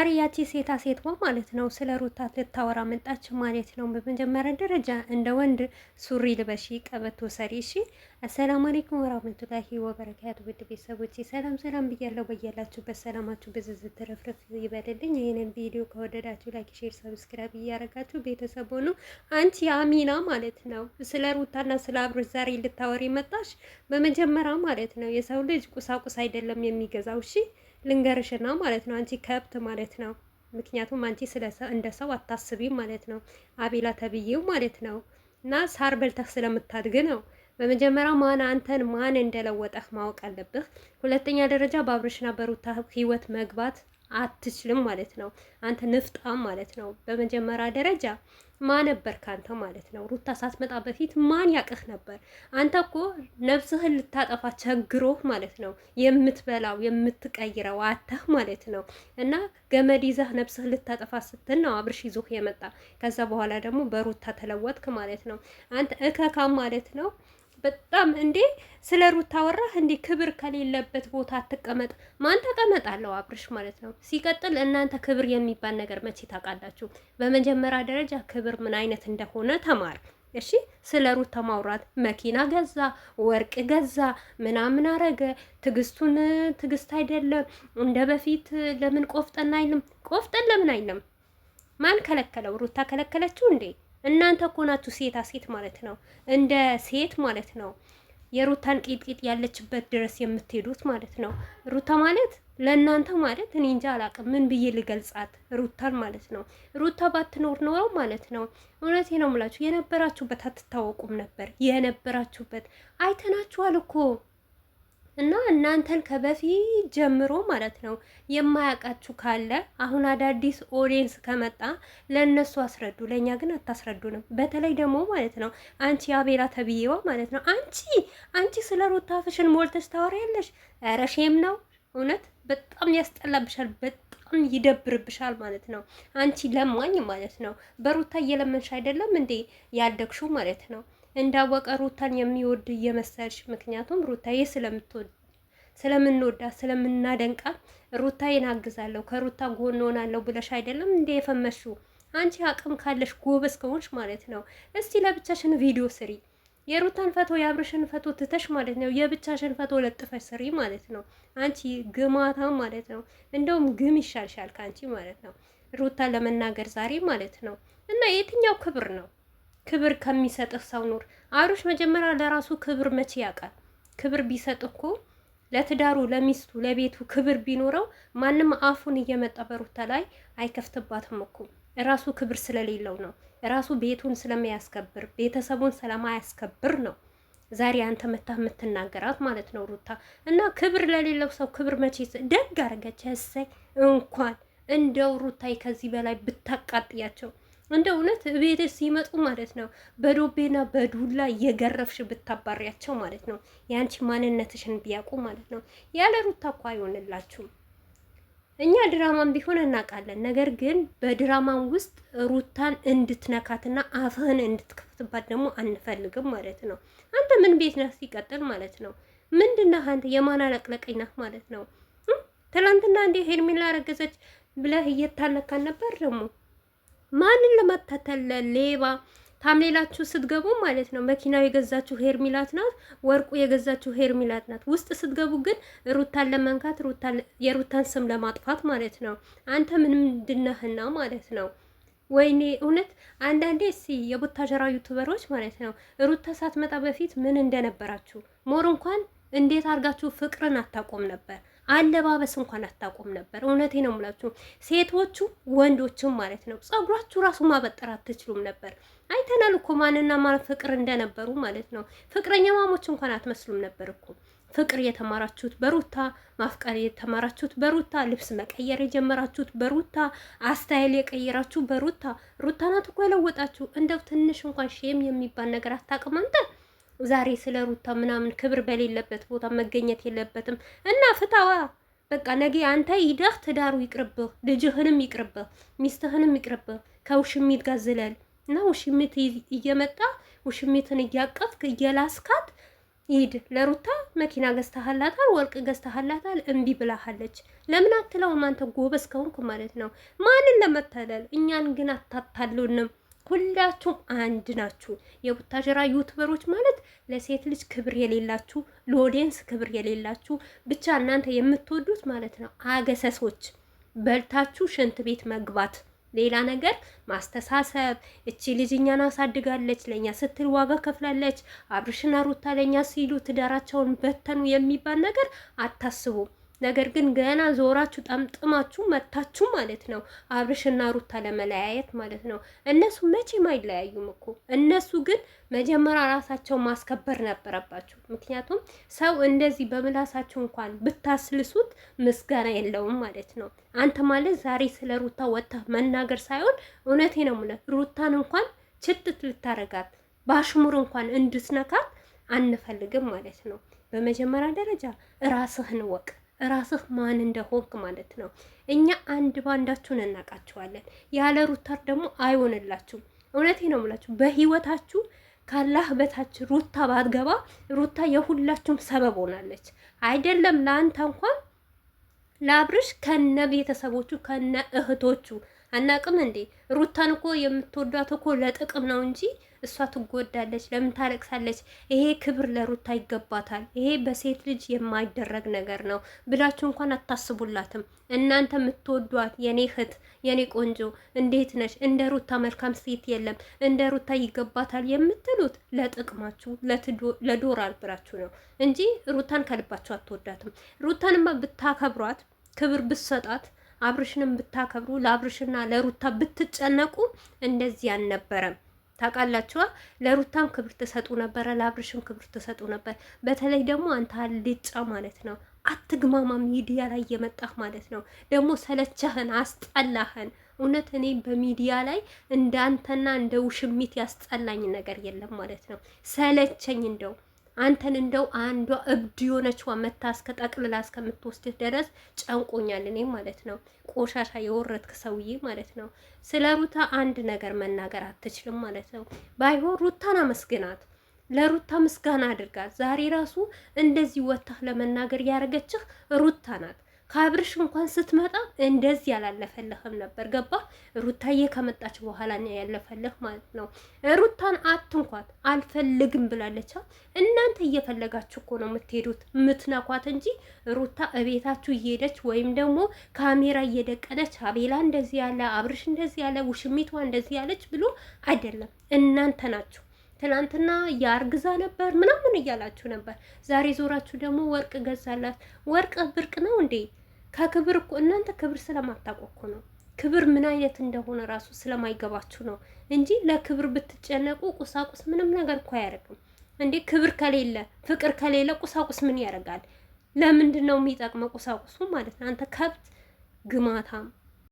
ዛሬ ያቺ ሴታ ሴትዋ ማለት ነው ስለ ሩታ ልታወራ መጣች ማለት ነው። በመጀመሪያ ደረጃ እንደ ወንድ ሱሪ ልበሺ፣ ቀበቶ ሰሪ። እሺ። አሰላሙ አለይኩም ወራህመቱላሂ ወበረካቱ። ውድ ቤተሰቦች ሰላም ሰላም ብያለሁ። በያላችሁበት ሰላማችሁ ብዝዝ ትረፍረፍ ይበልልኝ። ይህንን ቪዲዮ ከወደዳችሁ ላይክ፣ ሼር፣ ሰብስክራይብ እያረጋችሁ ቤተሰብ ሆኑ። አንቺ አሚና ማለት ነው ስለ ሩታና ስለ አብሮች ዛሬ ልታወሪ መጣሽ። በመጀመሪያ ማለት ነው የሰው ልጅ ቁሳቁስ አይደለም የሚገዛው። እሺ ልንገርሽና ማለት ነው አንቺ ከብት ማለት ነው። ምክንያቱም አንቺ እንደ ሰው አታስቢም ማለት ነው። አቤላ ተብዬው ማለት ነው እና ሳር በልተህ ስለምታድግ ነው። በመጀመሪያ ማን አንተን ማን እንደለወጠህ ማወቅ አለብህ። ሁለተኛ ደረጃ በአብርሽና በሩታ ህይወት መግባት አትችልም ማለት ነው። አንተ ንፍጣም ማለት ነው። በመጀመሪያ ደረጃ ማን ነበር ካንተ ማለት ነው። ሩታ ሳትመጣ በፊት ማን ያቅህ ነበር? አንተ እኮ ነፍስህን ልታጠፋ ቸግሮህ ማለት ነው። የምትበላው የምትቀይረው አተህ ማለት ነው። እና ገመድ ይዘህ ነፍስህን ልታጠፋ ስትል ነው አብርሽ ይዞህ የመጣ። ከዛ በኋላ ደግሞ በሩታ ተለወጥክ ማለት ነው። አንተ እከካም ማለት ነው። በጣም እንዴ ስለ ሩታ አወራ እንዴ? ክብር ከሌለበት ቦታ አትቀመጥ። ማን ተቀመጣለው? አብርሽ ማለት ነው። ሲቀጥል እናንተ ክብር የሚባል ነገር መቼ ታውቃላችሁ? በመጀመሪያ ደረጃ ክብር ምን አይነት እንደሆነ ተማር። እሺ ስለ ሩታ ማውራት መኪና ገዛ፣ ወርቅ ገዛ፣ ምናምን አረገ። ትግስቱን ትግስት አይደለም እንደ በፊት። ለምን ቆፍጠን አይልም? ቆፍጠን ለምን አይልም? ማን ከለከለው? ሩታ ከለከለችው እንዴ? እናንተ እኮ ናችሁ ሴታ ሴት ማለት ነው፣ እንደ ሴት ማለት ነው የሩታን ቂጥቂጥ ያለችበት ድረስ የምትሄዱት ማለት ነው። ሩታ ማለት ለእናንተ ማለት እኔ እንጃ አላቅም ምን ብዬ ልገልጻት ሩታን ማለት ነው። ሩታ ባትኖር ኖሮ ማለት ነው። እውነቴ ነው የምላችሁ የነበራችሁበት አትታወቁም ነበር። የነበራችሁበት አይተናችኋል እኮ እና እናንተን ከበፊት ጀምሮ ማለት ነው የማያውቃችሁ ካለ አሁን አዳዲስ ኦዲየንስ ከመጣ ለእነሱ አስረዱ፣ ለእኛ ግን አታስረዱንም። በተለይ ደግሞ ማለት ነው አንቺ አቤላ ተብዬዋ ማለት ነው አንቺ አንቺ ስለ ሩታ ፍሽን ሞልተሽ ታወሪያለሽ። ኧረ ሼም ነው እውነት በጣም ያስጠላብሻል። በጣም ይደብርብሻል ማለት ነው። አንቺ ለማኝ ማለት ነው። በሩታ እየለመንሽ አይደለም እንዴ ያደግሹ ማለት ነው። እንዳወቀ ሩታን የሚወድ እየመሰልሽ ምክንያቱም ሩታዬ ስለምትወድ ስለምንወዳ ስለምናደንቃ ሩታዬን አግዛለሁ ከሩታ ጎን ሆናለሁ ብለሽ አይደለም እንደ የፈመሽው አንቺ አቅም ካለሽ ጎበዝ ከሆንሽ ማለት ነው። እስቲ ለብቻሽን ቪዲዮ ስሪ የሩታን ፈቶ የአብርሽን ፈቶ ትተሽ ማለት ነው። የብቻሽን ፈቶ ለጥፈሽ ስሪ ማለት ነው። አንቺ ግማታም ማለት ነው። እንደውም ግም ይሻልሻል ከአንቺ ማለት ነው። ሩታን ለመናገር ዛሬ ማለት ነው። እና የትኛው ክብር ነው? ክብር ከሚሰጥህ ሰው ኑር። አብርሽ መጀመሪያ ለራሱ ክብር መቼ ያውቃል? ክብር ቢሰጥ እኮ ለትዳሩ፣ ለሚስቱ፣ ለቤቱ ክብር ቢኖረው ማንም አፉን እየመጣ በሩታ ላይ አይከፍትባትም እኮ ራሱ ክብር ስለሌለው ነው። ራሱ ቤቱን ስለማያስከብር ቤተሰቡን ስለማያስከብር ነው። ዛሬ አንተ መታ የምትናገራት ማለት ነው ሩታ እና ክብር ለሌለው ሰው ክብር መቼ ደግ አድርገች። እሰይ እንኳን እንደው ሩታይ ከዚህ በላይ ብታቃጥያቸው እንደ እውነት ቤት ሲመጡ ማለት ነው በዶቤና በዱላ እየገረፍሽ ብታባሪያቸው ማለት ነው የአንቺ ማንነትሽን ቢያውቁ ማለት ነው። ያለ ሩታ እኮ አይሆንላችሁም። እኛ ድራማም ቢሆን እናውቃለን። ነገር ግን በድራማም ውስጥ ሩታን እንድትነካትና አፍህን እንድትከፍትባት ደግሞ አንፈልግም ማለት ነው። አንተ ምን ቤት ነህ ሲቀጥል ማለት ነው። ምንድነህ አንተ የማናለቅለቀኝ ነህ ማለት ነው። ትላንትና እንዲህ ሄርሜላ ረገዘች ብለህ እየታለካን ነበር ደግሞ ማንን ለማታተል ሌባ ታምሌላችሁ ስትገቡ ማለት ነው። መኪናው የገዛችሁ ሄርሚላት ናት። ወርቁ የገዛችሁ ሄርሚላት ናት። ውስጥ ስትገቡ ግን ሩታን ለመንካት የሩታን ስም ለማጥፋት ማለት ነው። አንተ ምንም ድነህና ማለት ነው። ወይኔ እውነት አንዳንዴ ሲ የቡታጀራ ዩቱበሮች ማለት ነው ሩታ ሳትመጣ በፊት ምን እንደነበራችሁ ሞር እንኳን እንዴት አድርጋችሁ ፍቅርን አታቆም ነበር። አለባበስ እንኳን አታቆም ነበር። እውነቴ ነው የምላችሁ ሴቶቹ ወንዶችም ማለት ነው። ጸጉራችሁ ራሱ ማበጠር አትችሉም ነበር። አይተናል እኮ ማንና ማን ፍቅር እንደነበሩ ማለት ነው። ፍቅረኛ ማሞች እንኳን አትመስሉም ነበር እኮ ፍቅር የተማራችሁት በሩታ ማፍቀር የተማራችሁት በሩታ ልብስ መቀየር የጀመራችሁት በሩታ አስታይል የቀየራችሁ በሩታ ሩታ ናት እኮ የለወጣችሁ። እንደው ትንሽ እንኳን ሼም የሚባል ነገር አታውቅም አንተ። ዛሬ ስለ ሩታ ምናምን ክብር በሌለበት ቦታ መገኘት የለበትም እና ፍታዋ በቃ ነገ አንተ ይደህ ትዳሩ ይቅርብህ፣ ልጅህንም ይቅርብህ፣ ሚስትህንም ይቅርብህ። ከውሽሚት ጋር ዝለል እና ውሽሚት እየመጣ ውሽሚትን እያቀፍክ እየላስካት ይሄድ ለሩታ መኪና ገዝተሃላታል፣ ወርቅ ገዝተሃላታል፣ እምቢ ብላሃለች። ለምን አትለውም? አንተ ጎበዝ ከሆንክ ማለት ነው። ማንን ለመታለል እኛን ግን አታታሉንም። ሁላችሁም አንድ ናችሁ። የቡታጀራ ዩቱበሮች ማለት ለሴት ልጅ ክብር የሌላችሁ፣ ለኦዲየንስ ክብር የሌላችሁ ብቻ እናንተ የምትወዱት ማለት ነው አገሰሶች፣ በልታችሁ ሽንት ቤት መግባት፣ ሌላ ነገር ማስተሳሰብ። እቺ ልጅ እኛን አሳድጋለች፣ ለእኛ ስትል ዋጋ ከፍላለች፣ አብርሽና ሩታ ለእኛ ሲሉ ትዳራቸውን በተኑ የሚባል ነገር አታስቡም። ነገር ግን ገና ዞራችሁ ጠምጥማችሁ መታችሁ ማለት ነው። አብርሽና ሩታ ለመለያየት ማለት ነው። እነሱ መቼም አይለያዩም እኮ እነሱ ግን መጀመሪያ ራሳቸው ማስከበር ነበረባቸው። ምክንያቱም ሰው እንደዚህ በምላሳቸው እንኳን ብታስልሱት ምስጋና የለውም ማለት ነው። አንተ ማለት ዛሬ ስለ ሩታ ወጥተህ መናገር ሳይሆን እውነቴ ነው ምለት ሩታን እንኳን ችትት ልታረጋት በአሽሙር እንኳን እንድትነካት አንፈልግም ማለት ነው። በመጀመሪያ ደረጃ ራስህን ወቅ። ራስህ ማን እንደሆንክ ማለት ነው። እኛ አንድ ባንዳችሁን እናውቃችኋለን። ያለ ሩታር ደግሞ አይሆንላችሁም። እውነቴ ነው የምላችሁ በህይወታችሁ ካላህ በታች ሩታ ባትገባ ሩታ የሁላችሁም ሰበብ ሆናለች። አይደለም ለአንተ እንኳን ለአብርሽ ከነ ቤተሰቦቹ ከነ እህቶቹ አናቅም እንዴ? ሩታን እኮ የምትወዷት እኮ ለጥቅም ነው እንጂ እሷ ትጎዳለች። ለምን ታለቅሳለች? ይሄ ክብር ለሩታ ይገባታል። ይሄ በሴት ልጅ የማይደረግ ነገር ነው ብላችሁ እንኳን አታስቡላትም። እናንተ የምትወዷት የኔ እህት፣ የኔ ቆንጆ እንዴት ነች? እንደ ሩታ መልካም ሴት የለም፣ እንደ ሩታ ይገባታል የምትሉት ለጥቅማችሁ ለዶላር ብላችሁ ነው እንጂ ሩታን ከልባችሁ አትወዳትም። ሩታንማ ብታከብሯት ክብር ብትሰጣት አብርሽንም ብታከብሩ ለአብርሽና ለሩታ ብትጨነቁ እንደዚህ አልነበረም። ታውቃላችኋ ለሩታም ክብር ትሰጡ ነበረ፣ ለአብርሽም ክብር ትሰጡ ነበር። በተለይ ደግሞ አንተ አልጫ ማለት ነው አትግማማ ሚዲያ ላይ የመጣህ ማለት ነው። ደግሞ ሰለቸህን፣ አስጠላህን። እውነት እኔ በሚዲያ ላይ እንዳንተና እንደ ውሽሚት ያስጠላኝ ነገር የለም ማለት ነው። ሰለቸኝ እንደው አንተን እንደው አንዷ እብድ የሆነችዋ መታ እስከ ጠቅልላ እስከምትወስድህ ድረስ ጨንቆኛል። እኔ ማለት ነው ቆሻሻ የወረድክ ሰውዬ ማለት ነው። ስለ ሩታ አንድ ነገር መናገር አትችልም ማለት ነው። ባይሆን ሩታን አመስግናት፣ ለሩታ ምስጋና አድርጋት። ዛሬ ራሱ እንደዚህ ወታህ ለመናገር ያደረገችህ ሩታ ናት። ከአብርሽ እንኳን ስትመጣ እንደዚህ ያላለፈልህም ነበር። ገባ ሩታዬ ከመጣች በኋላ ነው ያለፈልህ ማለት ነው። ሩታን አትንኳት አልፈልግም ብላለቻ። እናንተ እየፈለጋችሁ እኮ ነው የምትሄዱት ምትነኳት እንጂ ሩታ እቤታችሁ እየሄደች ወይም ደግሞ ካሜራ እየደቀነች አቤላ እንደዚህ ያለ አብርሽ እንደዚህ ያለ ውሽሚቷ እንደዚህ ያለች ብሎ አይደለም። እናንተ ናችሁ ትላንትና ያርግዛ ነበር ምናምን እያላችሁ ነበር። ዛሬ ዞራችሁ ደግሞ ወርቅ ገዛላት። ወርቅ ብርቅ ነው እንዴ? ከክብር እኮ እናንተ ክብር ስለማታውቁ እኮ ነው። ክብር ምን አይነት እንደሆነ ራሱ ስለማይገባችሁ ነው እንጂ ለክብር ብትጨነቁ ቁሳቁስ ምንም ነገር እኮ አያደርግም እንዴ። ክብር ከሌለ ፍቅር ከሌለ ቁሳቁስ ምን ያደርጋል? ለምንድን ነው የሚጠቅመው ቁሳቁሱ ማለት ነው? አንተ ከብት ግማታም